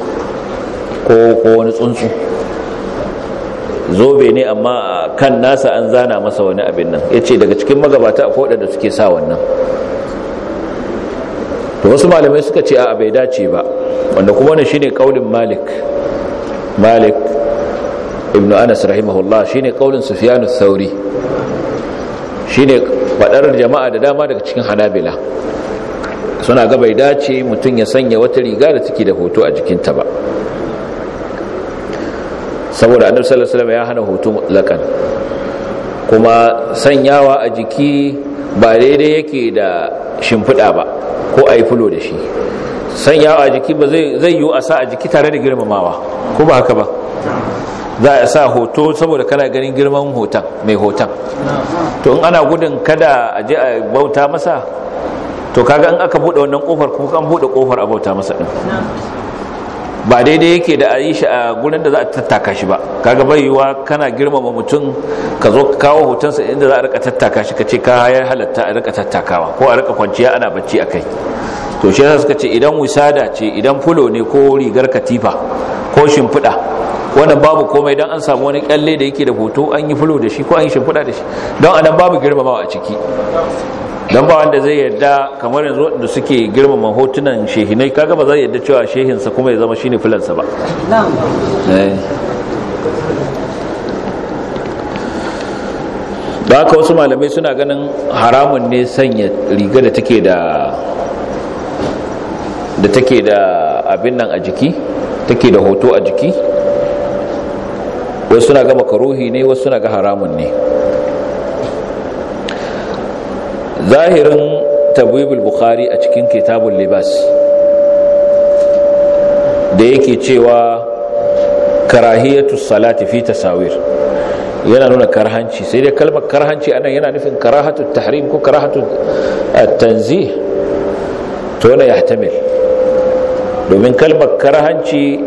ko wani tsuntsu zobe ne amma kan nasa an zana masa wani abin nan ya ce daga cikin magabata a kodar da suke sa wannan to wasu malamai suka ce a bai dace ba wanda kuma wani shine kaulin malik malik ibn anas rahimahullah shine kaulin sufyanu sauri shine faɗar jama'a da dama daga cikin hanabila suna ga bai dace mutum ya sanya wata riga da take da hoto a jikinta ba saboda annabi sallallahu alaihi wasallam ya hana hoto mutlakan kuma sanyawa a jiki ba daidai yake da shimfiɗa ba ko a yi fulo da shi sanyawa a jiki ba zai yiwu a sa a jiki tare da girmamawa ko ba haka ba za a sa hoto saboda kana ganin girman hoton mai hoton to in ana gudun kada a je a bauta masa to kaga in aka bude wannan kofar ko kan bude kofar a bauta masa din ba daidai yake da a yi shi a gurin da za a tattaka shi ba kaga bai yiwa kana girmama mutum ka zo kawo hotonsa inda za a rika tattaka shi ka ce ka hayar halatta a rika tattakawa ko a rika kwanciya ana bacci a kai to shi yasa suka ce idan wisada ce idan fulo ne ko rigar katifa ko shimfiɗa wannan babu komai don an samu wani kyalle da yake da hoto an yi fulo da shi ko an yi shimfiɗa da shi don anan babu girmama a ciki don ba wanda zai yarda kamar yanzu da suke girmama hotunan shehinai kaga ba zai yarda cewa shehinsa kuma ya zama shine filansa ba eh. da haka wasu malamai suna ganin haramun ne sanya riga da take da da take da abin nan a jiki take da hoto a jiki wasu suna ga makaruhi ne wasu suna ga haramun ne zahirin tabibul bukhari a cikin kitabul libas da yake cewa karahiyatu salati fi tasawir yana nuna karhanci sai dai kalmar karhanci anan yana nufin karahatu tahrim ko karahatu tanzih to na yahtamil domin kalmar karhanci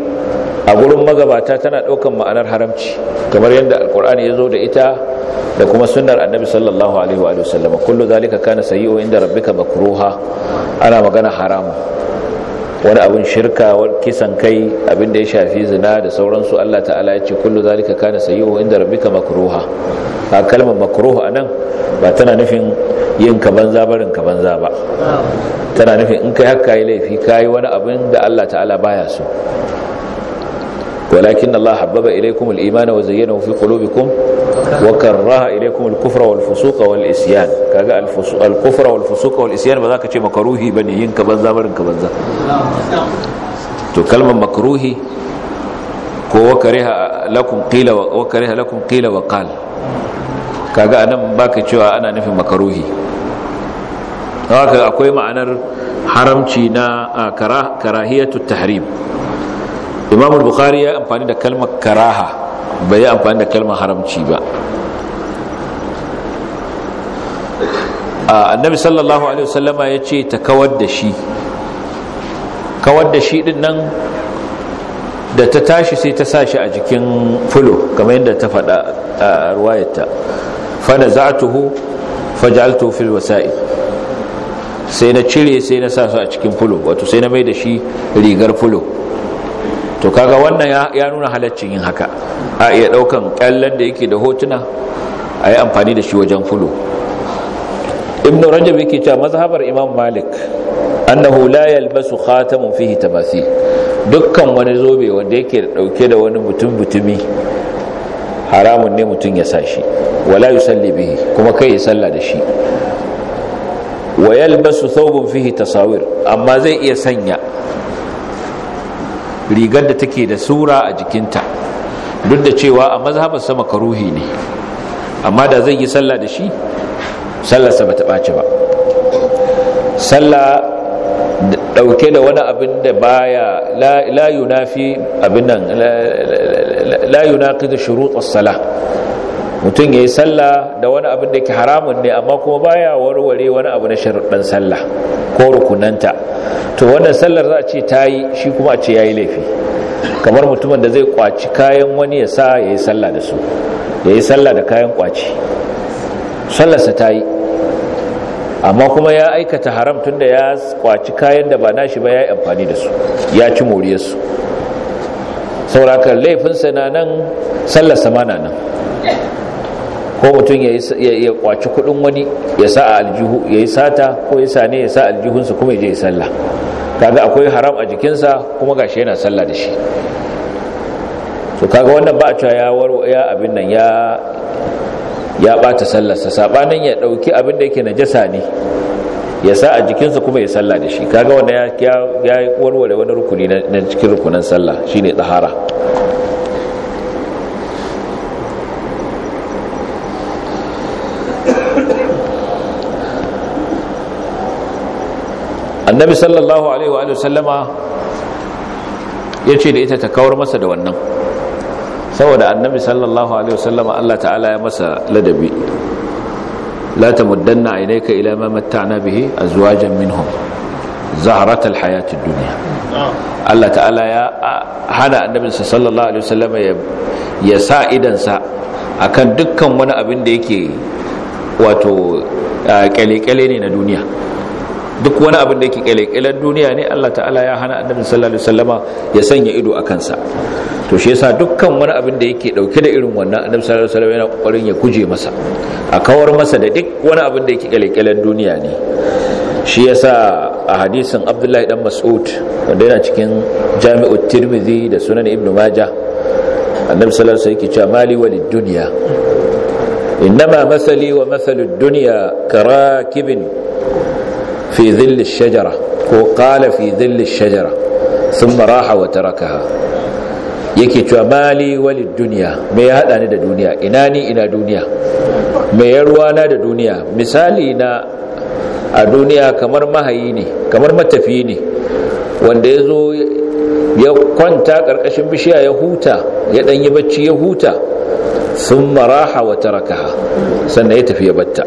a gurin magabata tana ɗaukan ma'anar haramci kamar yadda alkur'ani ya zo da ita da kuma sunnar annabi sallallahu alaihi wa sallam kullu zalika kana sayyi'u inda rabbika makruha ana magana haramu wani abun shirka kisan kai abin da ya shafi zina da sauransu Allah ta'ala ya ce kullu zalika kana sayyi'u inda rabbika makruha a kalmar makruha anan ba tana nufin yin ka banza barin ka banza ba tana nufin in kai haka yi laifi kai wani abin da Allah ta'ala baya so walakin Allah habbaba ilaykum al-iman wa zayyanahu fi qulubikum wa karraha ilaykum al-kufra wal fusuqa wal isyan kaga al wal fusuqa wal isyan ba za ka ce makruhi bane yin to ko wa kaga anan baka cewa ana nufin makaruhi. haka akwai ma'anar haramci na karahiyatut tahrim imam bukhari ya amfani da kalmar karaha bai yi amfani da kalmar haramci ba annabi sallallahu alaihi wasallama ya ce ta kawar da shi kawar da shi din nan da ta tashi sai ta sa shi a jikin fulo kamar yadda ta faɗa a ruwayarta fana za'atuhu faj'altu fil wasa'i sai na cire sai na sa su a cikin fulo wato sai na mai da shi rigar fulo to kaga wannan ya nuna halaccin yin haka a iya daukan kyallan da yake da hotuna a yi amfani da shi wajen fulo ibn rajab yake cewa mazhabar imam malik annahu la yalbasu khatamun fihi tamasi dukkan wani zobe wanda yake dauke da wani mutum mutumi haramun ne mutum ya sa shi wala yusalli bihi kuma kai ya salla da shi wa yalbasu thawbun fihi tasawir amma zai iya sanya rigar da take da sura a jikinta duk da cewa a sama karuhi ne amma da zai yi sallah da shi sallarsa ba ta ɓace ba sallah ɗauke da wani abin da baya la yunafi abin nan la yunaqi da shurut as-salah mutum yayi sallah da wani abin da ke haramun ne amma kuma baya warware wani abu na sharuɗan sallah ko rukunanta to wannan sallar za a ce ta yi shi kuma a ce ya yi laifi kamar mutumin da zai kwaci kayan wani ya sa ya yi sallah da su ya yi sallah da kayan kwaci sallarsa ta yi amma kuma ya aikata haram tun da ya kwaci kayan da ba nashi ba ya yi amfani da su ya ci moriyarsu sauraka laifinsa na nan sallarsa ma na nan ko mutum ya kwaci kudin wani ya sa aljihu ya yi sata ko ya sane ya sa aljihunsa kuma ya je ya sallah kaga akwai haram a jikinsa kuma gashi yana sallah da shi to kaga wannan ba a cewa ya waro ya abin nan ya ya bata sallarsa sabanin ya dauki abin da yake najasa ne ya sa a jikinsa kuma ya salla da shi kaga wannan ya ya warware wani rukuni na cikin rukunan sallah shine tsahara annabi sallallahu alaihi wa sallama ya ce da ita ta kawar masa da wannan saboda annabi sallallahu alaihi wa sallama Allah ta'ala ya masa ladabi la tamuddanna ilayka ila ma matta'na bihi azwajan minhum zahrat alhayat ad-dunya Allah ta'ala ya hana annabi sallallahu alaihi wa sallama ya sa idan sa akan dukkan wani abin da yake wato kyale-kyale ne na duniya duk wani abin da yake kyalkyalan duniya ne Allah ta'ala ya hana annabi sallallahu alaihi wasallama ya sanya ido a kansa to shi yasa dukkan wani abin da yake dauke da irin wannan annabi sallallahu alaihi wasallama yana kokarin ya kuje masa a kawar masa da duk wani abin da yake kyalkyalan duniya ne shi yasa a hadisin Abdullahi dan Mas'ud wanda yana cikin Jami'ut Tirmidhi da Sunan Ibn Majah annabi sallallahu alaihi wasallam yake cewa mali walid dunya masali wa masalud dunya karakibin fi dhilli shajara ko qala fi dhilli shajara thumma raha yake cewa mali walid duniya me ya hada ni da duniya ina ni ina duniya me ya na da duniya misali na a duniya kamar mahayi ne kamar matafi ne wanda ya zo ya kwanta ƙarƙashin bishiya ya huta ya ɗanyi bacci ya huta sun maraha wa rakaha sannan ya tafi ya batta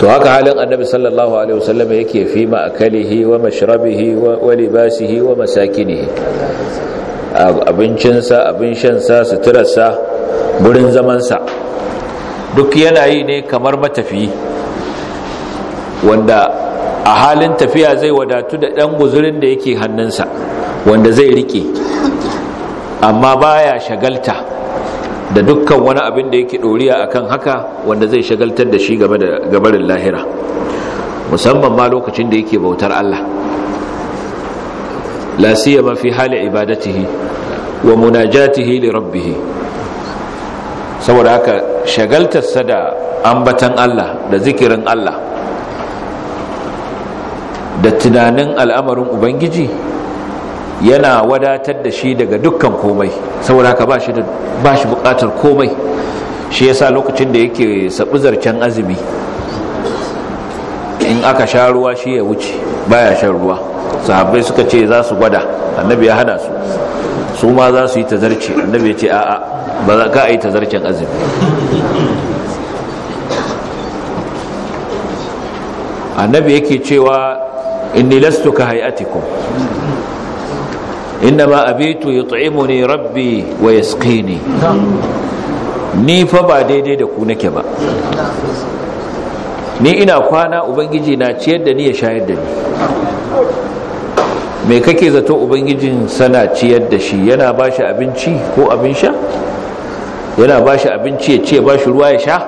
to haka halin annabi sallallahu alaihi wasallam yake fi ma'akalihi wa mashrabihi wa libasihi wa masakinihi abincinsa abin shansa suturarsa gurin zamansa duk yana yi ne kamar matafiyi wanda a halin tafiya zai wadatu da ɗan guzurin da yake hannunsa wanda zai riƙe amma baya shagalta da dukkan wani abin da yake doriya akan haka wanda zai shagaltar da shi game da gabarin lahira musamman ma lokacin da yake bautar Allah la siyama fi hali ibadatihi wa munajatihi li rabbih saboda haka shagaltar sa da ambatan Allah da zikirin Allah da tunanin al'amarin ubangiji yana wadatar da shi daga dukkan komai saboda haka ba shi bukatar komai shi yasa lokacin da yake sabu zarcen azumi in aka sha ruwa shi ya wuce baya shan ruwa sahabbai suka ce za su gwada annabi ya hana su su ma za su yi zarce annabi ya ce a'a ba za ka yi tazarcen azumi annabi yake cewa inni lastu ka hay'atikum ma abitu yut'imuni rabbi wa yasqini ni fa ba daidai da ku nake ba ni ina kwana ubangiji na ciyar da ni ya shayar da ni me kake zato ubangijin sana ciyar da shi yana bashi abinci ko abin sha yana bashi abinci ya ce bashi ruwa ya sha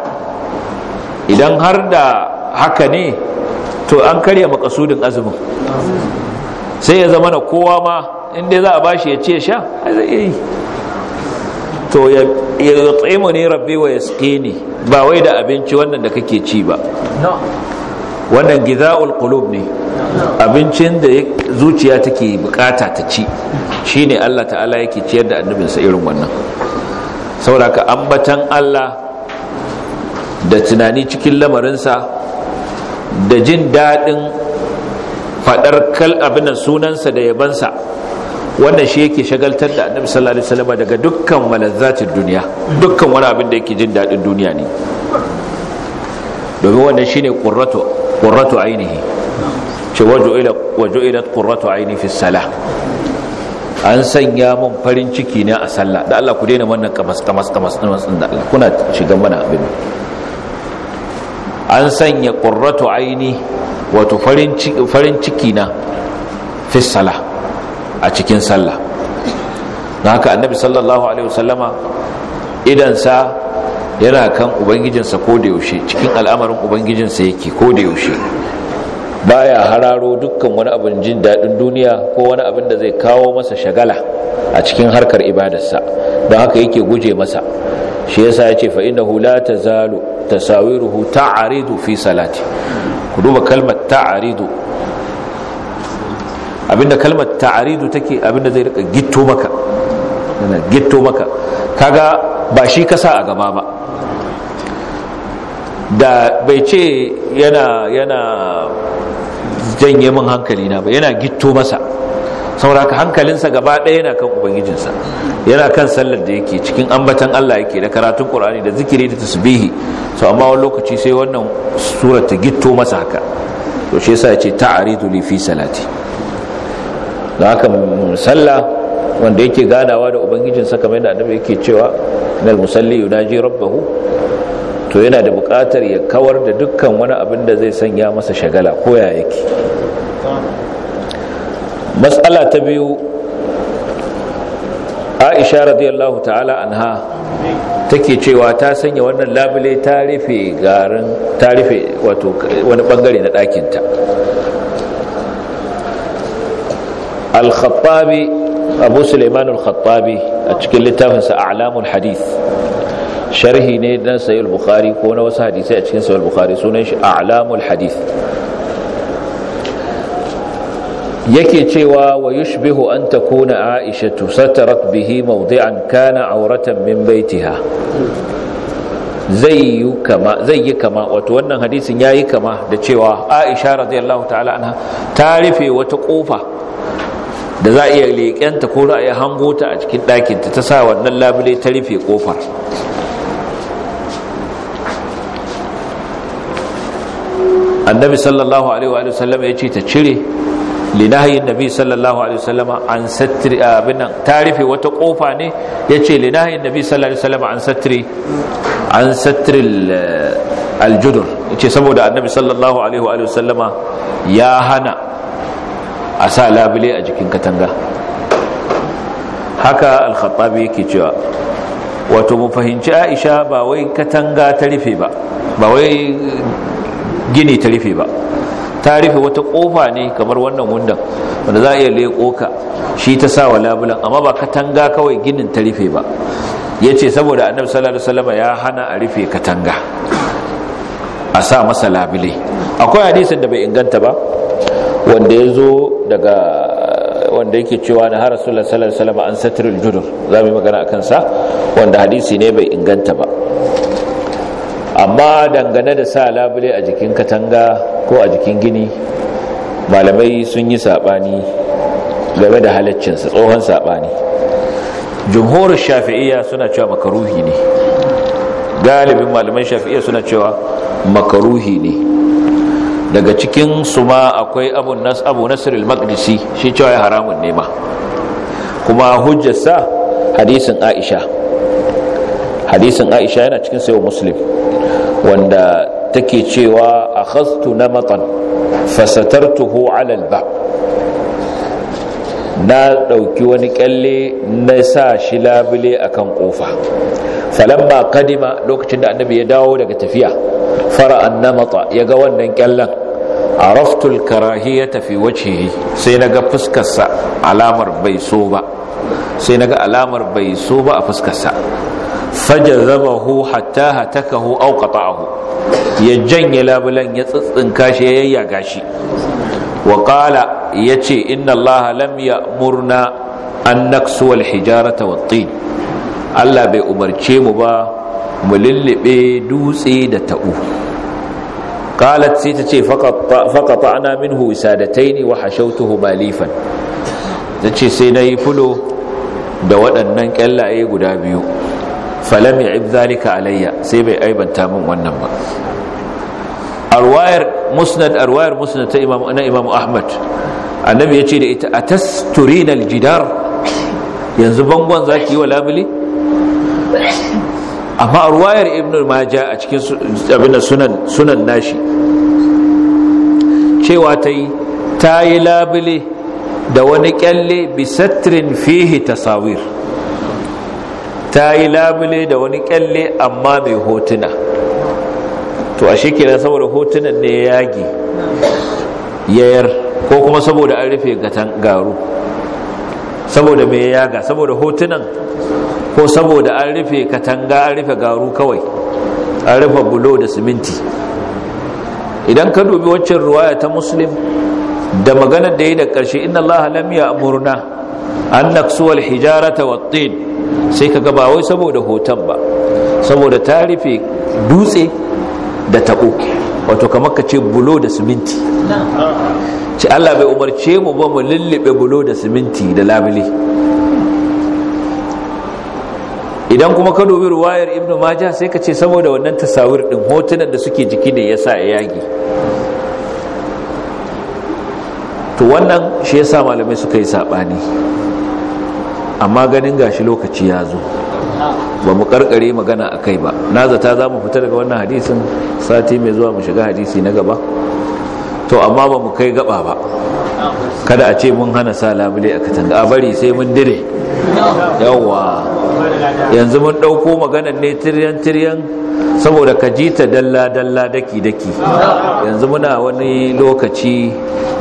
idan har da haka ne to an karya makasudin azumin sai ya zama na kowa ma inda za a bashi ya ce sha a zai yi to ya tsimu ne rabbi wa ya ne ba wai da abinci wannan da kake ci ba wannan giza'ul qulub ne abincin da zuciya take bukata ta ci shi ne Allah ta'ala yake ciyar da annabinsa irin wannan saboda ambatan Allah da tunani cikin lamarinsa da jin daɗin fadar kal abin sunansa da yabansa wannan shi yake shagaltar da annabi sallallahu alaihi wasallam daga dukkan malazzatin duniya dukkan wani abin da yake jin daɗin duniya ne domin wannan shine qurratu qurratu ainihi ce waju'ilat waju'ilat qurratu aini fi salah an sanya mun farin ciki ne a sallah da Allah ku daina wannan kamas kamas kamas din da Allah kuna shiga mana abin an sanya qurratu aini wato farin ciki na fi a cikin sallah na haka annabi sallallahu alaihi wasallama idansa yana kan ubangijinsa ko da yaushe cikin al'amarin ubangijinsa yake ko da yaushe baya hararo dukkan wani abin jin daɗin duniya ko wani abin da zai kawo masa shagala a cikin harkar ibadarsa don haka yake guje masa shi yasa ya ce fa'inahu la ta zalo tasawiruhu fi salati ku duba kalmar ta'aridu abinda kalmar ta'aridu take abinda zai rika gitto maka yana gitto maka kaga ba shi kasa a gaba ba da bai ce yana yana janye min hankali na ba yana gitto masa sauraka hankalinsa gaba ɗaya yana kan ubangijinsa yana kan sallar da yake cikin ambatan Allah yake da karatun Qur'ani da zikiri da tasbihi so amma wani lokaci sai wannan sura ta gitto masa haka to shi yasa yace ta'aridu li fi salati da haka sallah wanda yake ganawa da ubangijinsa kamar yadda annabi yake cewa nal musalli yunaji rabbahu to yana da buƙatar ya kawar da dukkan wani abin da zai sanya masa shagala ko ya yake matsala ta biyu aisha radiyallahu ta'ala anha take cewa ta sanya wannan labule ta rufe garin ta rufe wato wani bangare na ɗakinta al-khattabi abu suleiman al-khattabi a cikin littafinsa a'lamul hadith sharhi ne na sayi bukhari ko na wasu hadisai a cikin sayi bukhari sunan shi a'lamul hadith yake cewa wa yushbihu an takuna aishatu satarat bihi mawdi'an kana auratan min baitiha zai yi kama zai yi kama wato wannan hadisin yayi kama da cewa Aisha radiyallahu ta'ala anha ta rufe wata kofa da za a iya leƙenta ko za a iya hango ta a cikin ɗakinta ta sa wannan labule ta rufe kofar annabi sallallahu alaihi wa sallam ya ce ta cire linahayin nabi sallallahu alaihi wasallama an satri abin nan ta rufe wata kofa ne yace linahayin nabi sallallahu alaihi wasallama an satri an satri aljudur yace saboda annabi sallallahu alaihi wa sallama ya hana a sa labule a jikin katanga haka al-khattabi yake cewa wato mu fahimci Aisha ba wai katanga ta rufe ba ba wai gini ta rufe ba ta rufe wata kofa ne kamar wannan wundan wanda za a iya leƙo ka shi ta sa wa labulan amma ba katanga kawai ginin ta rufe ba ya ce saboda annabi sallallahu alaihi wasallam ya hana a rufe katanga a sa masa labule akwai hadisin da bai inganta ba wanda ya zo daga wanda yake cewa na har rasulullah sallallahu alaihi wasallam an satirul judur za mu yi magana akan sa wanda hadisi ne bai inganta ba amma dangane da sa labule a jikin katanga ko a jikin gini malamai sun yi saɓani game da halaccinsa tsohon saɓani jumhurin shafi'iyya suna cewa makaruhi ne galibin malaman shafi'iyya suna cewa makaruhi ne daga cikin su ma akwai abu nasir al-maqdisi shi cewa ya haramun nema kuma hujjarsa hadisin aisha hadisin aisha yana cikin sayo muslim wanda take cewa a na matan fasatartuhu alal ba. na ɗauki wani ƙyalle na sa shi labule a akan kofa ba kadima lokacin da annabi ya dawo daga tafiya fara matsa ya ga wannan kyallen araftul ya tafi wace sai naga fuskarsa alamar bai so ba sai naga alamar bai so ba a fuskarsa fajazabahu hatta hatakahu aw qata'ahu ya janye labulan ya tsitsinka shi ya yayyaga shi wa qala yace inna Allah lam ya'murna an naksu wal hijarata wat tin Allah bai umarce mu ba mu lullube dutse da ta'u qalat sai ta ce faqata'na minhu wisadataini wa hashawtuhu balifan tace sai nayi fulo da waɗannan kyallaye guda biyu falam ya'ib alayya sai bai aibanta min wannan ba arwayar musnad arwayar musnad ta na imam ahmad annabi yace da ita atasturina aljidar yanzu bangon zaki yi wa labule amma arwayar Ibnu majah a cikin abin sunan sunan nashi cewa ta yi ta yi labule da wani kyalle bisatrin fihi tasawir ta yi labule da wani kyalle amma mai hotuna to a kenan saboda hotunan ne ya yage yayar ko kuma saboda an rufe garu saboda mai yaga saboda hotunan ko saboda an rufe katanga an rufe garu kawai an rufe bulo da siminti idan ka dubi waccan ruwaya ta muslim da maganar da yi da ƙarshe inna Allah lam a murna an naksuwal hijarata wa tin sai ka gaba wai saboda hoton ba saboda ta rufe dutse da tabo wato kamar ka ce bulo da siminti ce Allah bai umarce mu ba mu lullube bulo da siminti da labule idan kuma ka dobi ruwayar ibnu majah sai ka ce saboda wannan tasawir ɗin, hotunan da suke jiki ne sa ya yage to wannan shi yasa malamai suka yi saɓani. amma ganin gashi lokaci ya zo ba mu karkare magana a kai ba na zata za mu fita daga wannan hadisin sati mai zuwa mu shiga hadisi na gaba to amma ba mu kai gaba ba kada a ce mun hana sa labule a katanga a bari sai mun dire yawa. yanzu mun ɗauko maganar ne tiryan-tiryan saboda ka ji ta dalla-dalla daki-daki yanzu muna wani lokaci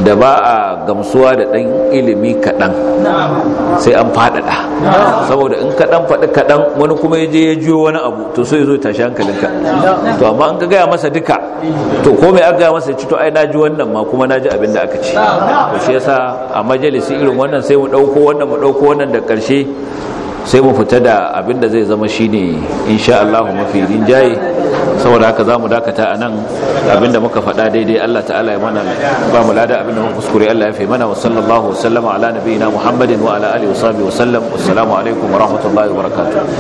da ba a gamsuwa da ɗan ilimi kaɗan sai an faɗaɗa saboda in kaɗan faɗi kaɗan wani kuma ya je ya jiyo wani abu to sai zo tashi hankalinka to amma an ka gaya masa duka to ko mai aka gaya masa ci to ai na ji wannan ma kuma na ji abin da aka ci to shi yasa a majalisi irin wannan sai mu ɗauko wannan mu ɗauko wannan da ƙarshe sai mu fita da abin da zai zama shine insha Allah mafi rinjaye saboda haka zamu dakata anan abin da muka faɗa daidai Allah ta'ala ya mana ba mu lada abin da muka kuskure Allah ya fi mana wa sallallahu wa sallama ala nabiyina Muhammadin wa ala alihi wa sahbihi wa sallam assalamu alaikum wa rahmatullahi wa barakatuh